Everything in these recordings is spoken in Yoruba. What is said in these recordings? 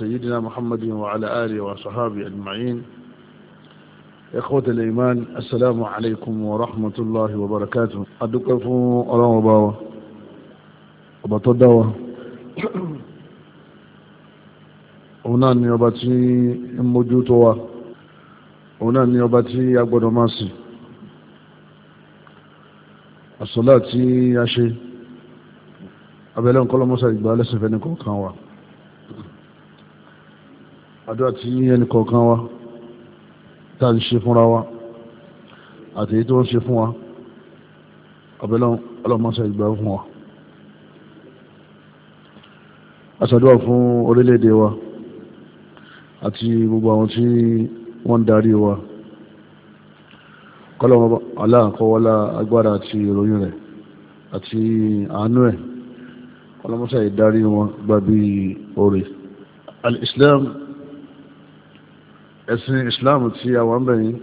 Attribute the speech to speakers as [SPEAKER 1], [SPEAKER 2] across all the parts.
[SPEAKER 1] سيدنا محمد وعلى آله وصحابه أجمعين إخوة الإيمان السلام عليكم ورحمة الله وبركاته أدقفوا الله وباوة وبطدوا òun ni ọba tí ń mójú tó wa òun ni ọba tí a gbọdọ̀ máa sìn àsọlá àdúrà tí ẹnì kọ̀ọ̀kan wa tá a ṣe fúnra wa àti èyí tó ń ṣe fún wa ọ̀bẹ̀lọ́n ọlọ́mọṣẹ́ ìgbà fún wa aṣàdúrà fún orílẹ̀-èdè wa àti gbogbo àwọn tí wọ́n ń darí wa kọ́lọ́mọ aláàkọ́wọ́lá agbára àti ìròyìn rẹ̀ àti àánú ẹ̀ kọ́lọ́mọṣẹ́ ìdarí wọn gbàbí orí al-Islam ẹ̀sìn islam tí a wà ń bẹ̀yìn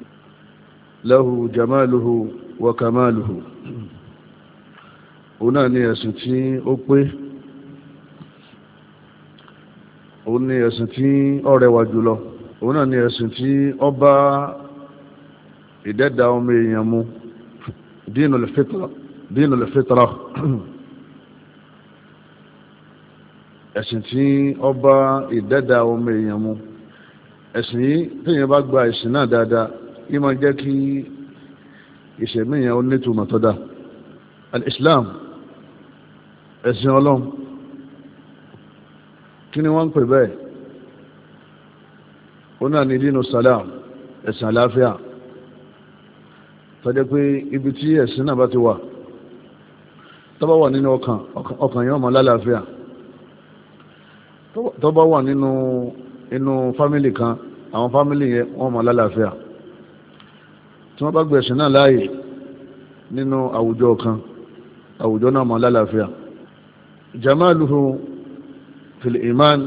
[SPEAKER 1] lahu jamaluhu wa kamaluhu òun náà ni ẹ̀sìn tí ó pé òun ni ẹ̀sìn tí ó rẹwà jùlọ òun náà ni ẹ̀sìn tí ó bá ìdẹ́dà ọmọ èèyàn mu dinul fitra dinul ẹ̀sìn tí ó bá ìdẹ́dà ọmọ èèyàn mu ẹ̀sìn yìí téèyàn bá gba ẹ̀sìn náà dáadáa yìí máa jẹ́ kí ìṣẹ̀mí yẹn ó nítumọ̀ tó dáa al-islam ẹ̀sìn ọlọ́run kí ni wọ́n ń pè bẹ́ẹ̀ ó náà ní dínú salam ẹ̀sìn àlàáfíà tọ́jẹ́ pé ibi tí ẹ̀sìn náà bá ti wà tọ́bá wà nínú ọkàn ọkàn yẹn ó máa lálàáfíà wà nínú inú fámìlì kan àwọn fámìlì yẹn wọ́n mọ̀ lálàáfíà tí wọ́n bá gbẹ̀sìn náà láàyè nínú àwùjọ kan àwùjọ náà mọ̀ lálàáfíà jamaluhu fil iman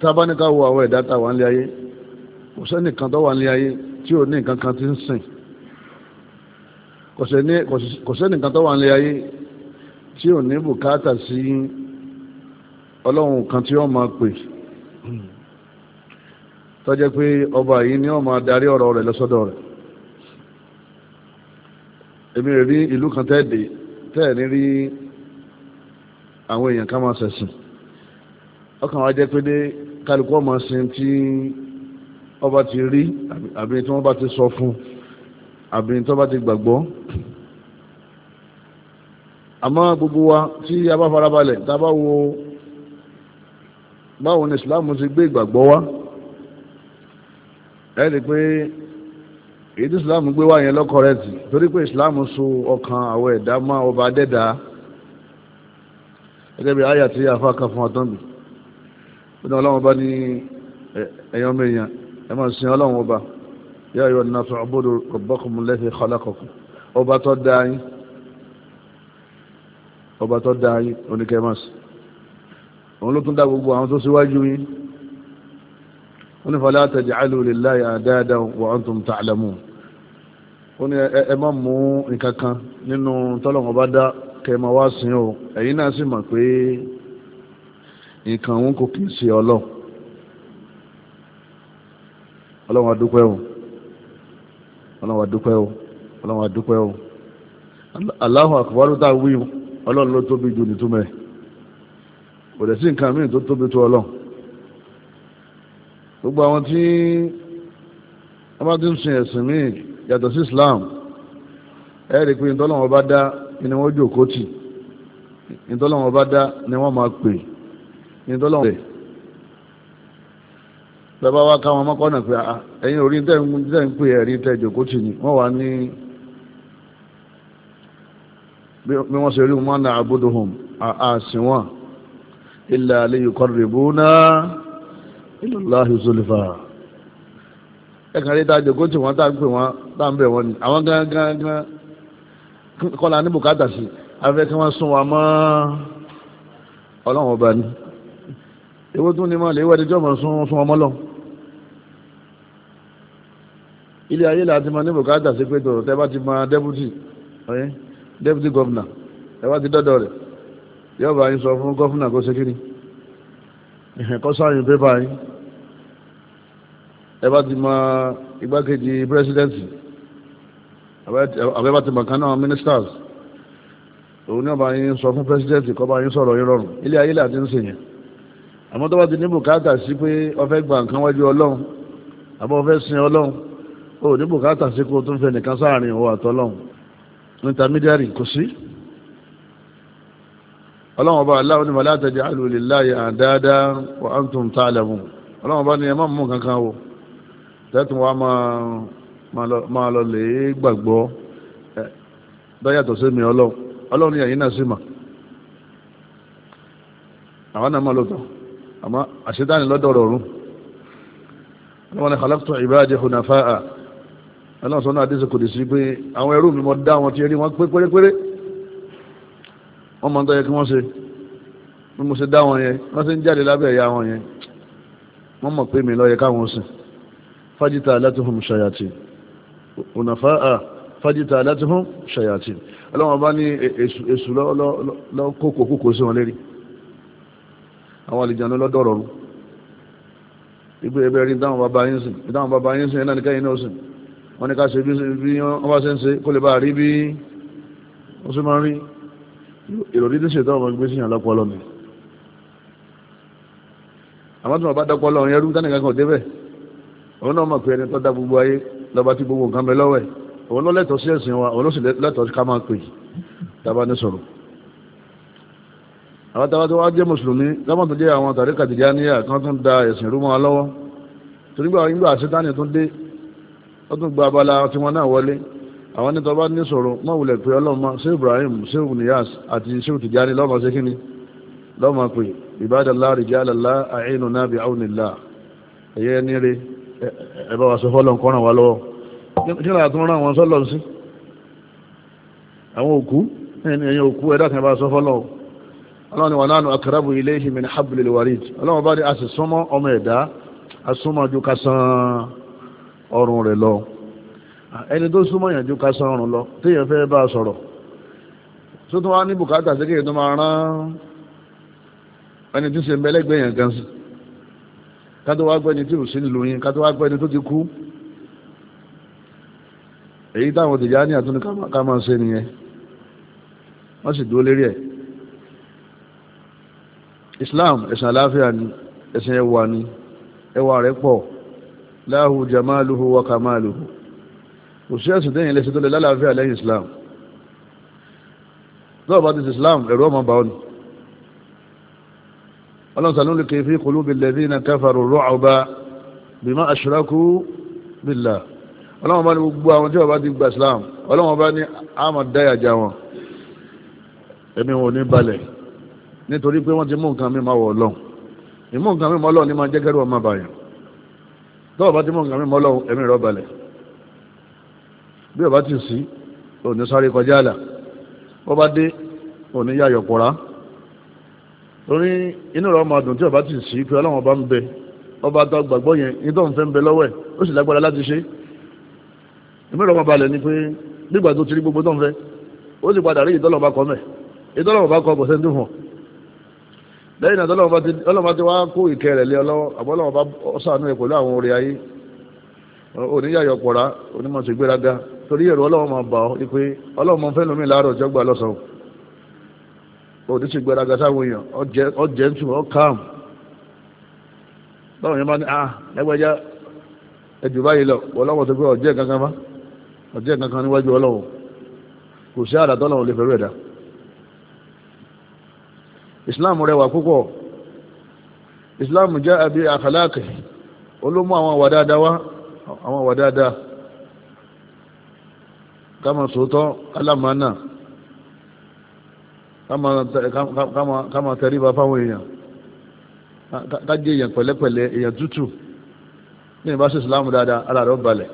[SPEAKER 1] tábánikà wo àwọn ẹ̀dá tá wà ń lé ayé kò sẹ́ni kan tó wà ní ayé tí ò ní nǹkan kan ti ń sìn kò sẹ́ni kan tó wà ní ayé tí ò ní bùkátà sí ọlọ́run kan tí wọ́n máa pè tọ́jẹ́ pé ọba yìí ni wọ́n máa darí ọ̀rọ̀ rẹ̀ lọ́sọ́dọ̀ rẹ̀ èmi rẹ̀ rí ìlú kan tẹ́ẹ̀dẹ̀ tẹ́ẹ̀ ní rí àwọn èèyàn ká máa ṣẹ̀sìn ọkàn wa jẹ́ pé dé kálukú ọmọ sin tí ọba ti rí àbí tí wọ́n bá ti sọ fún àbí tí wọ́n bá ti gbàgbọ́ àmọ́ gbogbo wa tí a bá farabalẹ̀ tá a bá wo báwo ni islam ti gbé ìgbàgbọ́ wá ẹ rí i pé èyí tí islam gbé wá yẹn lọ́kọ̀ rẹ̀ tì torí pé islam so ọkàn àwọn ẹ̀dá mọ́ ọba adẹ́dá gẹ́gẹ́ bí àyà tí àfa kan fún ọtán mi bí wọn ọlọ́run ọba ní ẹ̀yàn mẹ́yàn ẹ máa sin ọlọ́run ọba yá ayọ̀ ní nàfẹ́ ọbọ̀dọ̀ rabbakum lẹ́fẹ̀ẹ́ khalaqakum ọba tó dá yín ọba tó dá yín oníkẹ́ máa sìn òun ló tún dá gbogbo àwọn tó síwájú yín ó ní fala taj'alu lillahi adadan wa antum ta'lamun ó ní ẹ má mú nǹkan kan nínú tọ́lọ̀mọ́ bá dá kẹmọ wá sí o ẹ̀yin náà sì mọ̀ pé nǹkan òun kò kì í ṣe ọlọ́run ọlọ́run adúpẹ́ o ọlọ́run adúpẹ́ o ọlọ́run adúpẹ́ o Allahu akbar tá ọlọ́run ló tóbi jù nìtúmẹ̀ kò dẹ̀ sí nǹkan míì tó tóbi tó ọlọ́run gbogbo àwọn tí wọ́n bá ti ń sin ẹ̀sìn míì yàtọ̀ sí Islam ẹ̀ rí i pé ìtọ́lọ́wọ́n bá dá ni wọ́n jókòó tì ìtọ́lọ́wọ́n bá dá ni wọ́n máa pè ìtọ́lọ́wọ́n rẹ̀ bàbá wa káwọn mọ́kànnà pé ah, ah, ẹ̀yin orí tẹ́ ń pè ẹ̀rí tẹ́ jókòó tì ni wọ́n wà ní bí wọ́n ṣe rí wọn náà àbúdó hùm àsìn إلا ليقربونا ila Allahi zulfa ẹ̀kan rí dájọ́ kó tí wọ́n tá ń pè wọ́n tá ń bẹ̀ wọ́n ni àwọn gangan kọ́la ní bùkátà sí afẹ́ kí wọ́n sún wa mọ́ ọlọ́run ọba ni èwo tún ni mọ́ lè wẹ́ẹ́dẹ́ jọ́mọ̀ sún sún ọmọ lọ. ilé ayé la ti mọ ní bùkátà sí pé tòrò tẹ́ bá ti mọ dẹ́bùtì dẹ́bùtì gọ́vnà ẹ bá ti dọ́dọ̀ rẹ̀ yóò bá yín sọ fún gọ́fúnà kó ṣe kíni kó sáyìn pépà yín ẹ bá ti mọ igbákejì pírẹsidẹ́ǹtì àbẹ́ ti mọ̀ kan náà ministers òun ní ọba yín sọ fún pírẹsidẹ́ǹtì kó bá yín sọ̀rọ̀ yín rọrùn ilé ayé là ti ń sèyàn àmọ́ tó bá ti ní bùkátà sí pé ó fẹ́ gba nǹkan wájú ọlọ́run àbọ̀ ó fẹ́ sin ọlọ́run ó ní bùkátà sí kó tó ń fẹ́ nìkan sáàrin òun àtọ́lọ́run intermediary kò sí ọlọ́wọ́n bá aláwọ̀ ní wala taj'alu lillahi andada wa antum ta'lamun ọlọ́wọ́n bá ní ẹ má mú kankan wò tẹ́tùn wa máa lọ lè gbàgbọ́ dáyàtọ̀ sí mi ọlọ́run ọlọ́run ní ẹ̀yìn náà sí mà àwọn náà máa lọ tán àmọ́ àṣetáni lọ́dọ̀ rọrùn ọlọ́run ní khalaqtu ibadi hunafa'a ọlọ́run sọ náà adé sọ sí pé àwọn ẹrú mi mọ dá wọn ti rí wọn pé pérépéré wọ́n mọ̀ ń tọ́yẹ kí wọ́n ṣe bí mo ṣe dá wọn yẹn wọ́n ṣe ń jáde lábẹ́ ìyá wọn yẹn wọ́n mọ̀ pé mi lọ́yẹ káwọn sìn fájítà aláàtúhùn ṣayàtì ònàfà à fájítà aláàtúhùn ṣayàtì ọlọ́wọ́n bá ní e-, èṣù lọ́kókò kókò sí wọn lérí àwọn àlìjàn lọ́dọ̀rọ̀ rú ibi ẹbẹ rí dáhùn bàbá yín sìn dáhùn bàbá yín sìn ẹ̀ náà nìkan yín náà sìn wọ́n ní ká ṣe bí wọ́n bá ṣe ń ṣe kó lè bá rí bí wọ́n ṣe máa rí ìròyìn tí ṣètò ọmọ gbé sí yàn lọ́pọ̀lọ́ mi àwọn tí wọn bá dọ́pọ̀lọ́ ọ̀hún ẹrú tánìkan kan débẹ̀ òun náà mọ̀ pé ẹni tó dá gbogbo ayé lọ́ba tí gbogbo nǹkan bẹ lọ́wọ́ ẹ̀ òun ló lẹ́tọ̀ọ́ sí ẹ̀sìn wa òun ló sì lẹ́tọ̀ọ́ ká máa pè tábà ní sọ̀rọ̀ àwọn tábà tó wá jẹ́ mùsùlùmí lọ́mọ tó jẹ́ àwọn tàrí kàdìjá níyà kan tó ń da ẹ̀sìn rú mọ́ wa lọ́wọ́ torí gbà nígbà sítánì tó dé ó tún gba abala tiwọn náà wọlé àwọn ní tọba ní sọ̀rọ̀ má wulẹ̀ pé ọlọ́mọ ṣé Ibrahim ṣé Niyas àti ṣé Tijani lọ́mọ ṣe kíni lọ́mọ pé ibadallah rijalallah a'inuna bi'awnillah ẹ̀yẹ ní rí ẹ̀bá wa sọ fọ́lọ́ nǹkan ràn wá lọ́wọ́ kí ni àtúnrán àwọn sọ́lọ́ sí àwọn òkú ẹ̀yìn òkú ẹ̀dá kan bá sọ fọ́lọ́ ọlọ́ni wà nánú akarabu ilayhi min hablil warid ọlọ́wọ́n bá ní asìsọ́mọ́ ọmọ ẹ̀dá asọ́mọ́ ju kásán ọrùn rẹ̀ lọ ẹni tó súnmọ́ ìyànjú ká sọ́run lọ téèyàn fẹ́ bá a sọ̀rọ̀ tó tún wá ní bùkátà sí kéèyàn tó máa rán ẹni tí ń ṣe mẹ́lẹ́gbẹ̀ẹ́ yẹn gan sí ká tó wá gbẹ́ni tí ò sí nílùú yín ká tó wá gbẹ́ni tó ti kú èyí táwọn tìjà ní àtúnú ká máa ṣe nìyẹn wọ́n sì dúró lérí ẹ̀ Islam ẹ̀sìn àlàáfíà ni ẹ̀sìn ẹwà ni ẹwà rẹ̀ pọ̀ láhù jamaluhu wa kamaluhu kò sí ẹ̀sìn tẹ́yìn lẹ́sìn tó lè lálàáfíà lẹ́yìn islam lọ́wọ́ bá ti ti islam ẹ̀rọ ọmọ bá ọ́nì ọlọ́sàn ló kèé fi kòló bí lẹ́bí na káfàrò rọ́ọ̀bá bí má aṣọ́rákú bílà ọlọ́wọ́ bá ní gbogbo àwọn tí wọ́n bá ti gba islam ọlọ́wọ́ bá ní àmọ̀ dáyàjá wọn ẹ̀mí wọn ò ní balẹ̀ nítorí pé wọ́n ti mú nǹkan mímọ́ wọ̀ ọlọ́run ìmú nǹkan mímọ́ ọlọ́run ní máa jẹ́ kẹ́rù ọmọ bàyàn lọ́wọ́ bá ti mú nǹkan mímọ́ ọlọ́run ẹ̀mí rọ́ balẹ̀ bí ọba ti sí òní sáré kọjá àlà wọ́n bá dé òní yá yọ̀pọ̀ra torí inú rẹ̀ ọmọ àdùn tí ọba ti sí pé ọlọ́wọ́n bá ń bẹ ọba tó gbàgbọ́ yẹn ní tó ń fẹ́ ń bẹ lọ́wọ́ ẹ̀ ó sì lágbára láti ṣe ìmúlò ọmọ balẹ̀ ni pé nígbà tó ti rí gbogbo tó ń fẹ́ ó sì padà rí ìtọ́lọ̀ bá kọ́ mẹ́ ìtọ́lọ̀ bá kọ́ kò sẹ́ni hàn lẹ́yìn náà ọlọ́mọ ti wá kó ìkẹ́ rẹ̀ lé ọlọ́wọ́ àbọ́lọ́wọ́ bá sàánú ẹ̀ pẹ̀lú àwọn orí ayé oníyàyọ̀pọ̀ra onímọ̀sẹ̀gbéraga torí ẹ̀rọ ọlọ́run máa bà ọ́ wípé ọlọ́run máa ń fẹ́ lómi láàárọ̀ ọjọ́ gbà lọ́sàn-án gbẹdàgà sáwọn èèyàn ọjẹ́ ń tù ọ́ calm báwọn yẹn bá ní ẹgbẹ́já ah, ẹjù báyìí lọ ọlọ́run islam rẹwà púpọ̀ islam jẹ́ àbí àwọn àwà kama sòótọ́ alámàánà kama tẹríba fáwọn èèyàn kájé èèyàn pẹ̀lẹ́pẹ̀lẹ́ èèyàn tútù ní ìbá sí ìsìláàmù dáadáa ara rẹ̀ balẹ̀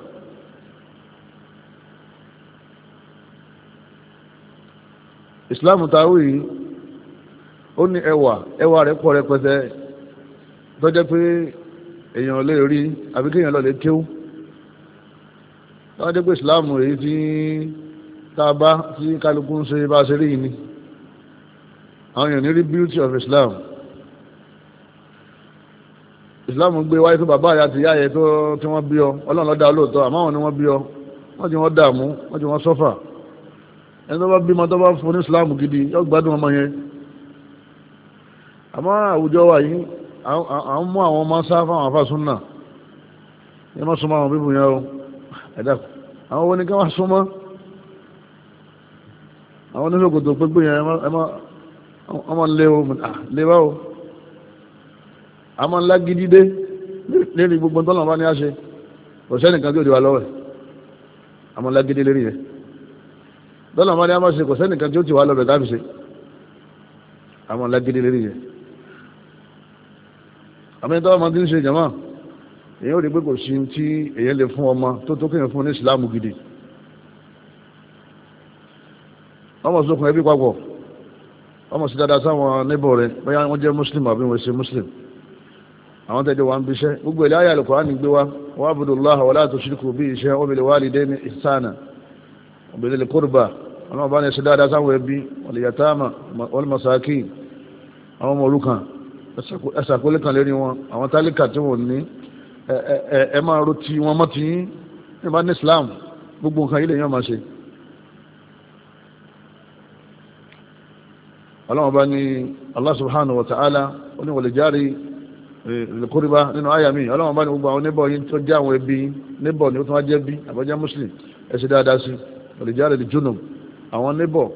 [SPEAKER 1] ìsìláàmù tàwí ó ní ẹwà ẹwà rẹ̀ pọ̀ rẹpẹtẹ tó jẹ́ pé èèyàn lè rí àbíkéèyàn lọ lè kéwú lọ́wọ́ dé pé ìsìláàmù èyí tí tábá tí kálukú ń ṣe bá ṣe rí ni àwọn èèyàn ní rí beauty of Islam Islam gbé wáyé tó bàbá àyà àti ìyá yẹ tí wọ́n bí ọ ọlọ́run lọ́dà lóòótọ́ àmọ́ àwọn ni wọ́n bí ọ wọ́n ti wọ́n dààmú wọ́n ti wọ́n sọ́fà ẹni tó bá bímọ tó bá fún ní Islam gidi yóò gbádùn ọmọ yẹn àmọ́ àwùjọ wa yìí à ń mú àwọn ọmọ sá fáwọn afásúnà yẹn má súnmọ́ àwọn bíbù yẹn o ẹ̀dá àwọn wo ni ká wá súnmọ́ àwọn oníṣòkòtò pépé yẹn ọmọ léwo léwá o àmọ́ ńlá gidide lérí gbogbo tọ́lọ̀ bá ní àṣẹ kò sẹ́ni kan tí ó di wa lọ́wọ́ ẹ̀ àmọ́ ńlá gidi lérí yẹn tọ́lọ̀ bá ní àmọ́ ṣe kò sẹ́ni tí ó ti wà lọ́bẹ̀ tábìṣe àmọ́ ńlá gidi lérí yẹn àmì tọ́lọ̀ máa ti ń ṣe jàmáà. èyàn ò rí pé kò sí tí èyàn lè fún ọmọ tó tó kéèyàn fún ní ìsìláàmù gidi ọmọ sókun ẹbí papọ̀ ọmọ sí dáadáa sáwọn níbọ̀ rẹ bóyá wọ́n jẹ́ muslim àbí wọ́n ṣe muslim àwọn tẹ́jọ wa ń bíṣẹ́ gbogbo ilé ayé Al-Qur'an gbé wa wa abudullaha wala tushriku bihi shay'an wa bil walidayni ihsana bá ní ṣe dáadáa sáwọn ẹbí àwọn ọmọ lérí wọn àwọn tálíkà tí wọ́n ẹ máa ro wọn mọ́ ti yín bá ní Islam gbogbo nǹkan yìí lèyàn máa ṣe. ọlọ́run bá ní Allah subhanahu wa ta'ala oníwàlẹ̀járe lẹ́kọ́ríbá nínú àyà mi ọlọ́run bá ní gbogbo àwọn níbọ̀ yìí tó jẹ́ àwọn ẹbí níbọ̀ ni ó tún wá jẹ́ bí àbájá muslim ẹ ṣe dáadáa sí wàlẹ̀járe lè jónà àwọn níbọ̀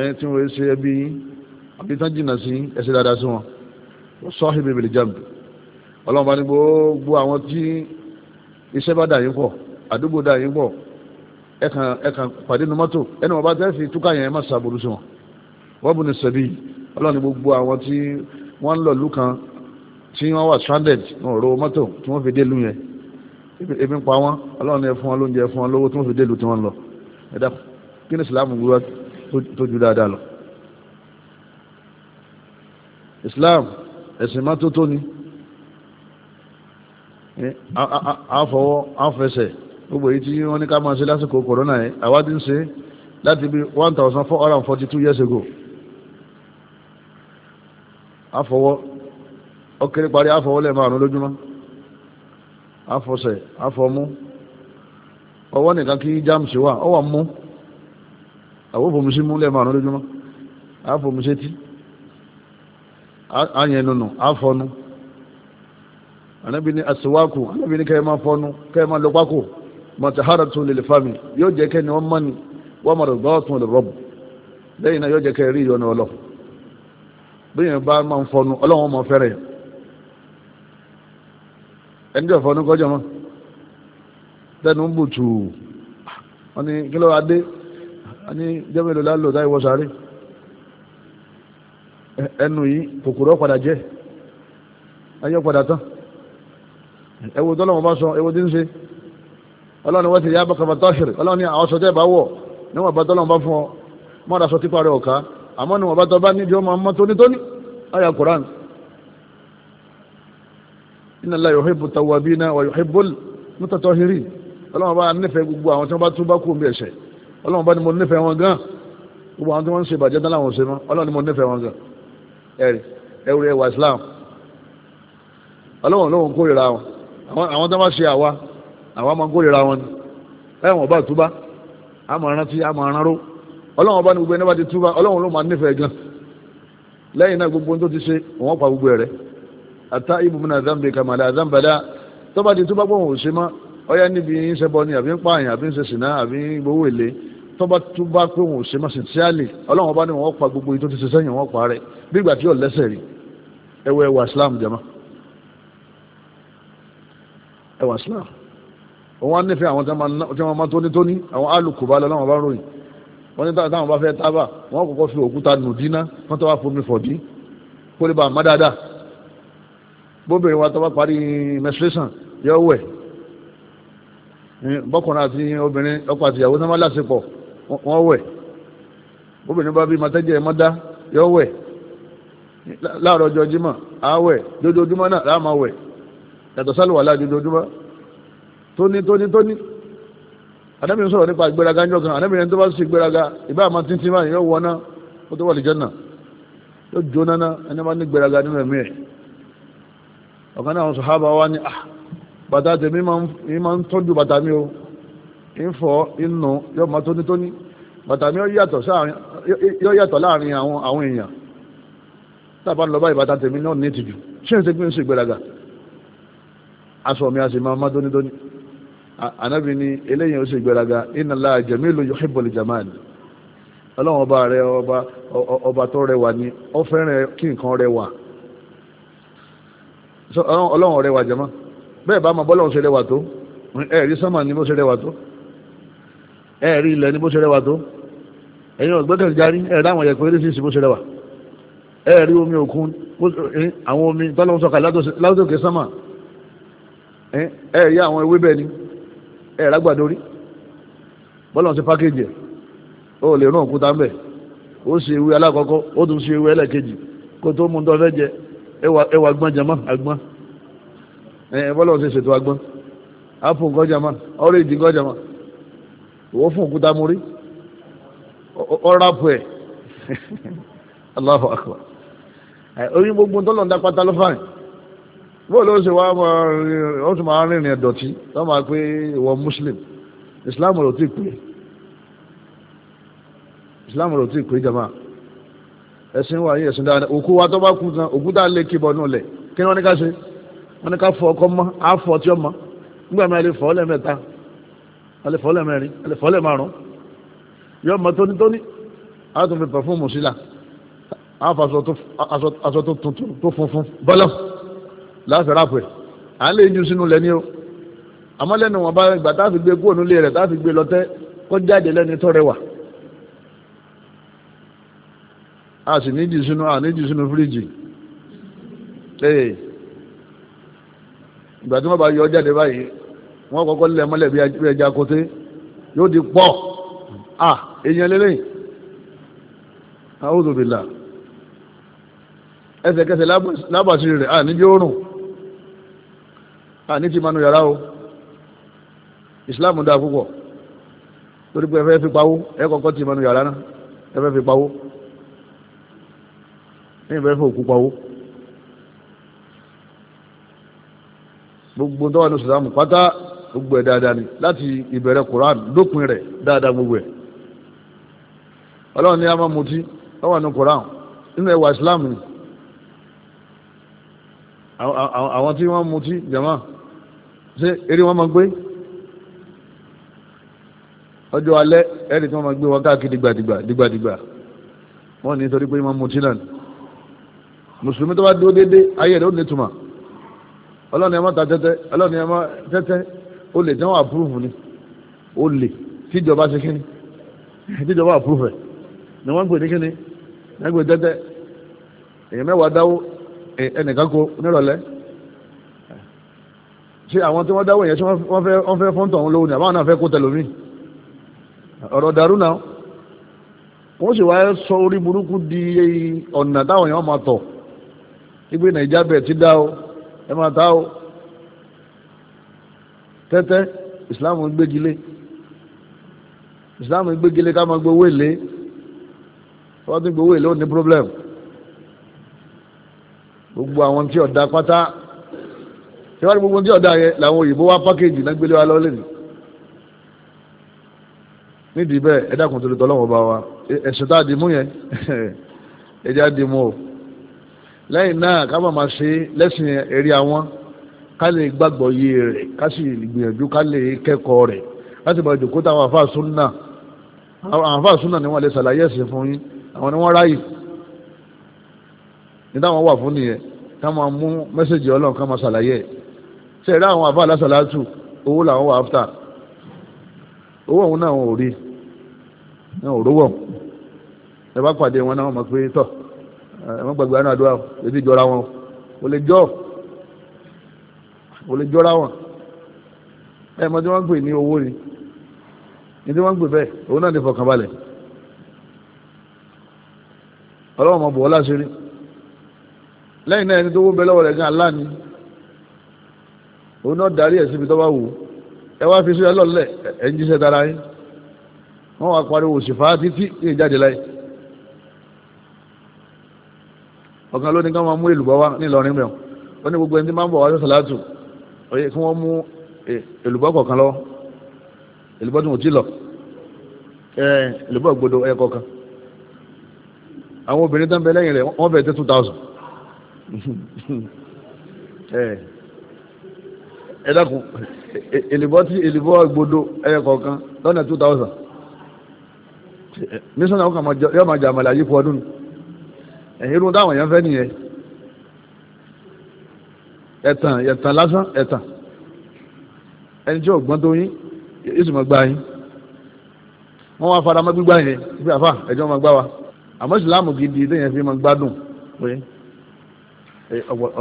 [SPEAKER 1] ẹni tí wọ́n ṣe ẹbí àbí tán jìnnà sí ẹ ṣe dáadáa sí wọn ọlọ́run bá ní gbogbo àwọn tí iṣẹ́ bá dà yín pọ̀ àdúgbò dà yín pọ̀ ẹ̀kan ẹ̀kan pàdé nu mọ́tò ẹni wọn bá tẹ́ fi túkà yẹn má sàbòrò sí wọn wọ́n bu ní sẹ́bí ọlọ́run ní gbogbo àwọn tí wọ́n ń lọ lù kan tí wọ́n wà stranded wọn ò ro mọ́tò tí wọ́n fi dé lù yẹn ebi ń pa wọn ọlọ́run ẹ fún wọn lóúnjẹ fún wọn lówó tí wọ́n fi dé lù tí wọ́n lọ ẹ̀sìn má tó ni àfọwọ́ àfẹsẹ̀ gbogbo èyí tí wọ́n ní ká máa ṣe lásìkò kòrónà yẹn àwa ti ń ṣe láti bí one thousand four hundred forty two years ago àfọwọ́ ó kéré parí àfọwọ́ lẹ́ẹ̀ márùn lójúmọ́ àfọsẹ̀ àfọmú ọwọ́ nìkan kí jáàmùsì wà ọwọ́ mú àwòfòmùsí mú lẹ́ẹ̀ márùn lójúmọ́ àfòmùsẹ́tì àyẹnùnù àfọnù anabi ni asiwaku anabi ni kẹ́ẹ̀ máa fọnu kẹ́ẹ̀ máa lọ́pàkò mọ̀tàhárà tún lè fami yóò jẹ́ kẹ́ni wọ́n mọ́ni wọ́n mọ̀rọ̀ gbọ́ tún lè rọ́bù lẹ́yìn náà yóò jẹ́ kẹ́ẹ̀ rí ìyọnu ọlọ́ bí yẹn bá máa ń fọnu ọlọ́wọ́n mọ̀ fẹ́rẹ̀ ẹni tí ọ̀fọ̀nu kọjọ mọ́ tẹnu ń bùtù wọn ni kí ló wá dé wọn ni jẹ́mẹ̀lò lálò táyé wọ sáré ẹnu yìí kòkòrò padà jẹ́ ayé padà tán ẹwọ tó lọ́wọ́ bá sọ ẹwọ tí ń ṣe ọlọ́run wọ́n ti yá bọ́kà bàtà ṣẹlẹ̀ ọlọ́run ní àwọn sọjọ́ ìbá wọ̀ níwọ̀n bá tọ́lọ́wọ́ bá fún ọ mọ́ra sọ tipa rẹ̀ ọ̀ka àmọ́ níwọ̀n bá tọ́ bá nídìí ọmọ ọmọ tónítóní àyà Qur'an inna Allah yuhibbu tawwabina wa yuhibbul mutatahhirin ọlọ́run bá nífẹ̀ẹ́ gbogbo àwọn tí wọ́n bá tún bá kú ẹ̀ṣẹ̀ ọlọ́run bá ní mo nífẹ̀ẹ́ wọn gan àwọn tó bá ṣe àwa àwa máa ń kórìíra wọn ni ẹ̀wọ̀n ọba àtúbá a máa rántí a máa ránró ọlọ́run ọba ní gbogbo ẹni bá ti túbá ọlọ́run ló máa nífẹ̀ẹ́ gan lẹ́yìn náà gbogbo tó ti ṣe wọ́n pa gbogbo rẹ̀ ata ibu zambi kamala zambala tó bá ti túbá gbọ́n ò ṣe mọ́ ọyá níbi ń ṣe bọ́ ni àbí ń pààyàn àbí ń ṣe sìnà àbí ń gbowó èlé tó bá túbá pé òun ò ṣe mọ́ sincerely ọlọ́run ọba ní wọ́n pa gbogbo tó ti ṣe sẹ́yìn wọ́n pa rẹ̀ bí ìgbà tí yóò lẹ́sẹ̀ rí ẹwẹ́ wa Islam jama ẹwà islam òun á nífẹ̀ẹ́ àwọn tí wọ́n máa tónítóní àwọn alùkùbá lọ́wọ́ bá ròyìn wọ́n ní táwọn bá fẹ́ tábà wọ́n kọ́kọ́ fi òkúta nù dínà wọ́n tó wá fomi fọ̀dí kó lè bá a má dáadáa bóbìnrin wa tó bá parí menstruation yọ wẹ̀ bọ́kùnrin àti obìnrin ọkọ àti ìyàwó sábà láṣepọ̀ wọ́n wẹ̀ bóbìnrin bá bí matẹ́jẹ́ ẹ̀ má dá yọ wẹ̀ láàárọ̀ ọjọ́ jimá àwẹ̀ lójoojúmọ́ náà láàmà wẹ̀ yàtọ̀ sálùwàlá àjòjòjúmọ́ tóní tóní tóní anábìyàn sọ̀rọ̀ nípa ìgbéraga ńjọ kan anábìyàn tó bá sì gbéraga ìbá àmà títí máa yọ wọ ná ó tó wà lè jẹ́nà yóò jó náná ẹni máa ní gbéraga nínú ẹ̀mí ẹ̀ ọ̀kan náà sàhábà wa ní à ah, bàtà tèmi máa ń tọ́jú bàtà mi o ń fọ inú yọ máa tóní tóní bàtà mi yọ yàtọ̀ láàrin àwọn èèyàn tábà ń báyìí bàtà tèmi náà ní ìtìjú ṣé ń ṣe gbé ń ṣe gbéraga aṣọ mi a sì máa má dónídóní anábì ni eléyìí ó sì gbéraga inna Allaha jamilun yuhibbul jamal ọlọ́run ọba rẹ ọba tó rẹwà ni ó fẹ́ràn kí nǹkan rẹwà ọlọ́run rẹwà jẹ́mọ́ bẹ́ẹ̀ bá ma bọ́lọ́run ṣe rẹwà tó ẹ̀rí sánmà ni bó ṣe rẹwà tó ẹ̀rí ilẹ̀ ni bó ṣe rẹwà tó ẹ̀yin ọ̀gbẹ́kẹ̀lẹ̀ jarí ẹ̀rí àwọn ẹ̀yẹ̀kọ́ eré sísì bó ṣe rẹwà ẹ̀rí omi òkun àwọn omi tọ́lọ́run sọ̀kà ẹ yá àwọn ewé bẹ́ẹ̀ ni ẹ lágbàdo rí bọ́lá ti pákéjì ẹ̀ ó lè rán òkúta ń bẹ̀ ó ṣe ewé alákọ̀ọ́kọ́ ó tún ṣe ewé ẹlẹ́kejì kó tó mú un tó fẹ́ jẹ ẹ wà gbọ́n jẹ mọ́ àgbọ́n ẹ bọ́lá ti ṣètò àgbọ́n apple nǹkan jẹ mọ́ orange nǹkan jẹ mọ́ ìwọ fún òkúta mú rí ọ̀rápù ẹ̀ Allahu akbar oyin gbogbo ntọ́lọ̀ ń dá pátá lọ́fàá yìí bó ló ṣe wá máa rìn ó tún máa rìnrìn ẹ̀dọ̀tí wọ́n máa pé ìwọ muslim islam rò tí pé islam rò tí pé jama ẹ̀sìn wa yìí ẹ̀sìn dáadáa òkú wa tó bá kú tán òkú tá a lè kíbọ̀ nù lẹ̀ kí ni wọ́n ní ká ṣe wọ́n ní ká fọ ọkọ mọ́ á fọ ọtí ọmọ nígbà mi lè fọ ọ lẹ́mẹ̀ta a lè fọ ọ lẹ́mẹ̀rin a lè fọ ọ lẹ́màrún yọ ọmọ tónítóní a tún fi pẹ̀fúmù sílà a fọ aṣọ tó funfun bọ́lọ́ láfẹ̀ráfẹ̀ à ń lè ju sínú lẹ́ni o àmọ́ lẹ́nu wọn bá gbà tá a fi gbé kúrò nílé rẹ̀ tá a fi gbé lọ́tẹ́ kó jáde lẹ́ni tó rẹwà a sì ní jù sínú a ní jù sínú fíríjì ee ìgbà tí wọ́n bá yọ jáde báyìí wọ́n kọ́kọ́ lẹ̀ mọ́lẹ̀ bí ẹja kote yóò di pọ̀ à èèyàn lélẹ́yìn àwọn òṣòbìlà ẹsẹ̀kẹsẹ̀ lábàṣírí rẹ̀ à níbi oòrùn àní ti manu yàrá o ìsìláàmù dáa púpọ̀ torí pé ẹ fẹ́ fi pawó ẹ kọ́kọ́ ti manu yàrá náà ẹ fẹ́ fi pawó ẹ̀yìn fẹ́ fi òkú pawó gbogbo tó wà ní ìsìláàmù pátá gbogbo ẹ̀ dáadáa ni láti ìbẹ̀rẹ̀ Quran dópin rẹ̀ dáadáa gbogbo ẹ̀ ọlọ́run ní a máa mutí lọ́wọ́ ní Quran nínú ẹwà ìsìláàmù ni àwọn tí wọ́n mutí jẹ̀mọ́ ṣé eré wọn máa gbé ọjọ́ alẹ́ ẹ̀rì tí wọ́n máa gbé wọn káàkiri dìgbàdìgbà dìgbàdìgbà wọ́n ní sọ́dí pé wọ́n mú tílan mùsùlùmí tó bá dúró déédéé ayé rẹ̀ ó ní tuma ọlọ́ni ẹ̀ má ta tẹ́tẹ́ ọlọ́ni ẹ̀ má tẹ́tẹ́ ó lè tí wọ́n àpúrúfù ni ó lè tíjọba ṣe kíni tíjọba àpúrúfù ẹ̀ ni wọ́n ń ní kíni ẹgbẹ́ tẹ́tẹ́ èèyàn mẹ́wàá dáwó ẹnìkan kó nírọ̀lẹ́ ṣe àwọn tí wọ́n dáwọ́ yẹn ṣe wọ́n fẹ́ fọ́ńtọ̀ ọ̀hún lówó ni àbáwọn náà fẹ́ kó tẹlomi ọ̀rọ̀ dàrú náà wọ́n sì wáá sọ orí burúkú di ọ̀nà táwọn èèyàn máa tọ̀ igbe nàìjíríà bẹ̀ ti dá o ẹ máa ta o tẹ́tẹ́ ìsìláàmù gbégilé ìsìláàmù gbégilé ká máa gbowó èlé wọ́n ti gbowó èlé ò ní problem gbogbo àwọn tí ọ̀dà pátá ṣẹ́wá ní gbogbo tí ọ̀dà yẹn làwọn òyìnbó wá pákéjì náà gbélé wa lọ́lẹ̀ ni nídìí bẹ́ẹ̀ ẹ dákun torí tọ́lọ́wọ́n bá wa ẹ̀sùn tá a dì mú yẹn ẹ̀jẹ̀ á dì mú o lẹ́yìn náà ká má máa ṣe lẹ́sìn ẹ̀rí àwọn ká lè gbàgbọ́ yé rẹ̀ ká sì gbìyànjú ká lè kẹ́kọ̀ọ́ rẹ̀ láti bá ìjòkó táwọn àfáà súnà àwọn àfáà súnà ni wọ́n lè ṣàlàyé ẹ̀sìn fún yín àwọn ni wọ́n ráyè ní táwọn wà fún nìyẹn ká máa mú mẹ́sẹ̀jì ọlọ́run ká máa ṣàlàyé ẹ̀ ṣẹ̀rí àwọn àfa alásàlátù owó làwọn wà áfítà owó òun náà wọn ò rí náà ò rówọ̀ ẹ bá pàdé wọn náà wọn mọ̀ pé tọ̀ ẹ má gbàgbé àánú àdúrà ètò ìjọra wọn ò lè jọ́ ò lè jọra wọn ẹ mọ̀ tí wọ́n ń ní owó ni ní tí wọ́n ń pè bẹ́ẹ̀ òun náà ní fọkànbalẹ̀ ọlọ́wọ́n mọ̀ bọ̀ ọ́ láṣẹ́rí lẹ́yìn náà ẹni tó wó bẹ lọ́wọ́ rẹ̀ gan aláàánú o náà darí ẹ̀ síbi tó bá wù ẹ wá fi sílẹ̀ lọ́lẹ̀ ẹ̀ ń jíṣẹ́ dára yín wọ́n wá pariwo òṣìfà títí ní ìjáde láyé ọ̀kan ló ní ká máa mú èlùbọ́ wá nílọrin mẹ́wọ̀n ó ní gbogbo ẹni tí máa ń bọ̀ wá sí sàlátù oye kí wọ́n mú e, èlùbọ́ kọ̀ọ̀kan lọ́wọ́ èlùbọ́ tí mo ti lọ èlùbọ́ gbọdọ̀ ẹ̀ kọ̀ọ̀kan àwọn obìnrin tó bẹ lẹ́yìn rẹ̀ wọ́n fẹ́ẹ́ tẹ́ two thousand. ẹ̀dàkùn èlìbọ́ tí èlìbọ́ gbọdọ̀ ẹyẹ kọ̀ọ̀kan lọ́nà 2000 mísọ́nà ọkà yọ ma jàmà láyé fún ọdún ẹ̀yìn irun táwọn èèyàn fẹ́ nìyẹn ẹ̀tàn ẹ̀tàn lásán ẹ̀tàn ẹni tí ọ̀gbọ́n tó yín yíṣù mọ́ gbá yín wọ́n wá fara mọ́ gbígbá yẹn bí àfà ẹ̀jọ́ mọ́ gbá wa àmọ́ ìsìláàmù gidi téèyàn fi mọ́ gbádùn pé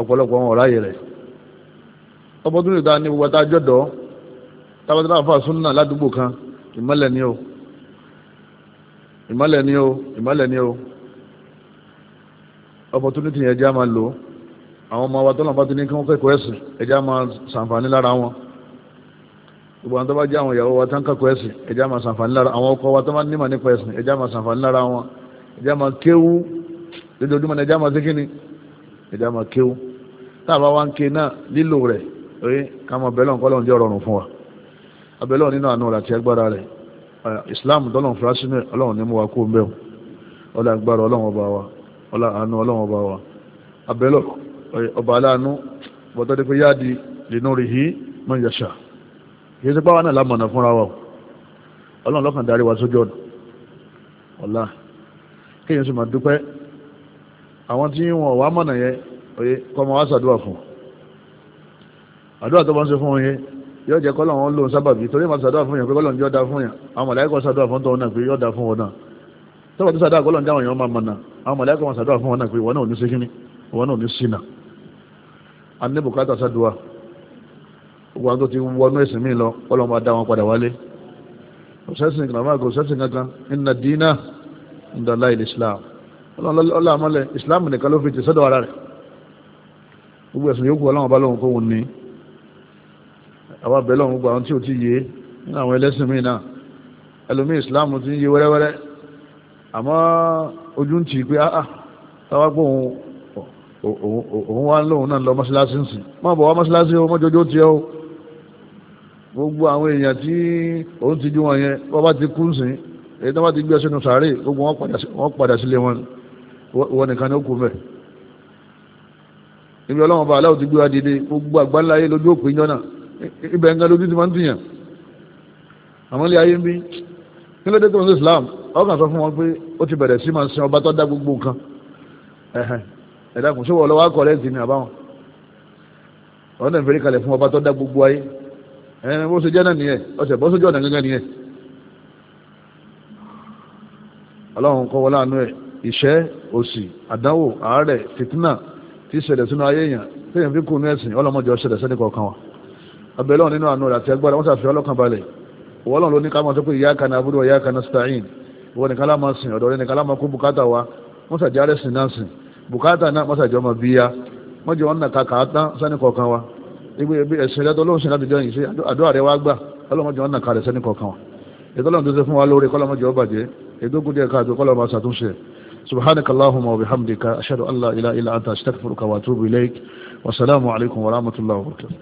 [SPEAKER 1] ọ̀pọ̀lọpọ̀ wọn ọ̀ráyè rẹ̀ opportunity ta ní gbogbo àtàjọ́dọ̀ tábàtàlá àfà súnà ládùúgbò kan ìmọ́lẹ̀ ni o ìmọ́lẹ̀ ni o ìmọ́lẹ̀ ni o opportunity yẹn jẹ́ a máa lò àwọn ọmọ wa tọ́lọ̀ bá ti ní kí wọ́n kẹ́kọ̀ọ́ ẹ̀sìn ẹ̀jẹ̀ a máa ṣàǹfààní lára wọn gbogbo àwọn tó bá jẹ́ àwọn ìyàwó wa tó ń kẹ́kọ̀ọ́ ẹ̀sìn ẹ̀jẹ̀ a máa ṣàǹfààní lára àwọn ọkọ wa tó máa nímọ̀ nípa ẹ̀sìn ẹ̀jẹ̀ a máa ṣàǹfààní lára wọn ẹ̀jẹ̀ a máa kéwú lójoojúmọ́ ẹ̀jẹ̀ a máa ṣe kíni ẹ̀jẹ̀ a máa kéwú táàbá wa ń ké náà lílò rẹ̀ oye kàmọ bẹlọ nǹkan lọhùn jẹ ọrọrùn fún wa abẹlọ nínú àánú rẹ̀ àti agbára rẹ̀ islam tọlọhùn furasinú Ọlọ́run ní mú wa kó mbẹ ọlá agbára Ọlọ́run ọba wa ọlá àánú Ọlọ́run ọba wa abẹlọ ọba aláàánú bọtọ dípẹ yáàdì lẹnu rẹ yìí mọ ìyàṣà yìí ti báwa náà lámọ̀nà fúnra wa Ọlọ́run lọ́kàn darí wa sójú ọ̀nà ọlá kéèyàn sì máa dúpẹ́ àwọn tí wọn wàá mọ̀nà yẹn oye kọ́ ọmọ wa ṣàdúrà fún un àdúrà tó bá ń ṣe fún oyin yóò jẹ́ kọ́lọ̀ wọn lòun sábàbí torí ma sàdúrà fún yàn pé kọ́lọ̀ yóò da fún yàn àwọn mọ̀láìkọ̀ sàdúrà fún tọ́ náà pé yóò da fún wọn náà tọ́wọ́ tó sàdúrà kọ́lọ̀ dáwọn yàn máa mọ̀nà àwọn mọ̀láìkọ̀ wọn sàdúrà fún wọn náà pé wọn náà ò ní sékíní wọn náà ò ní sínà a ní bùkátà sàdúrà wọn tó ti wọnú ẹ̀sìn mi lọ kọ́lọ̀ máa dá wọn padà wálé sẹ́sìn kìlọ̀mọ́ àgọ́ sẹ́sìn kankan inna àwọn abẹ́lẹ̀ ọ̀hún gbà wọn tí ò ti yé nínú àwọn ẹlẹ́sìn míì náà ẹlòmí ìsìláàmù ti ń yé wẹ́rẹ́wẹ́rẹ́ àmọ́ ojú ń tì í pé áà táwa pé òun òun wá lóun náà lọ mọ́ṣáláṣí ń sìn má bọ̀ wá mọ́ṣáláṣí o mọ́jọ́jọ́ tiẹ́ o gbogbo àwọn èèyàn tí òun ti jú wọn yẹn wọ́n bá ti kú ń sìn èyí tó bá ti gbé sínú sàárè gbogbo wọn padà sílé wọn wọn nìkan ni ó kú mẹ́ẹ̀ ibi ọlọ́run ọba aláwọ̀ ti gbé wa dìde gbogbo àgbáńlá ayé lójú òpin jọ́nà ibẹ̀ nǹkan lójú ti máa ń dùn yàn àmọ́ ilé ayé ń bí kí ló dé tó ń sọ Islam ọkàn sọ fún wọn pé ó ti bẹ̀rẹ̀ sí máa ń sin ọba tó dá gbogbo nǹkan ẹ̀dá kùn sówọ́ ọlọ́wọ́ akọ̀ lẹ́sìn ní àbáwọn ọ̀hún náà ń fẹ́rí kalẹ̀ fún ọba tó dá gbogbo ayé ẹ̀ bó ṣe jẹ́ náà nìyẹn ọ̀sẹ̀ bó ṣojú ọ̀nà gángan nìyẹn ọlọ́run kọ́ wọlé àánú ẹ̀ ìṣẹ́ òṣì àdánwò àárẹ̀ fìtínà tí ṣẹlẹ̀ sínú ayé èèyàn téèyàn fi kú ní ẹ̀sìn ọlọ́mọdé ọṣẹlẹ̀ sẹ́nìkọ̀ọ̀kan wa abẹ́lọ́run nínú àánú àti agbára wọ́n sàfihàn ọlọ́kan balẹ̀ wọ́lọ́run ló ní ká máa sọ pé iyyaka na'budu wa iyyaka nasta'in wọ́n nìkan láma sìn ọ̀dọ̀ nìkan láma kó bùkátà wa wọ́n sàjárẹ̀ sìn náà sìn bùkátà náà wọ́n sàjọ́ ọmọ bíyá wọ́n jẹ́ wọn nà kàkà tán sani kọ̀ọ̀kan wa ibi ibi ẹ̀sìn rẹ̀ tọ́lọ́run sìn láti yìí sí àdúrà rẹ̀ سبحانك اللهم وبحمدك أشهد أن لا إله إلا أنت استغفرك واتوب إليك والسلام عليكم ورحمة الله وبركاته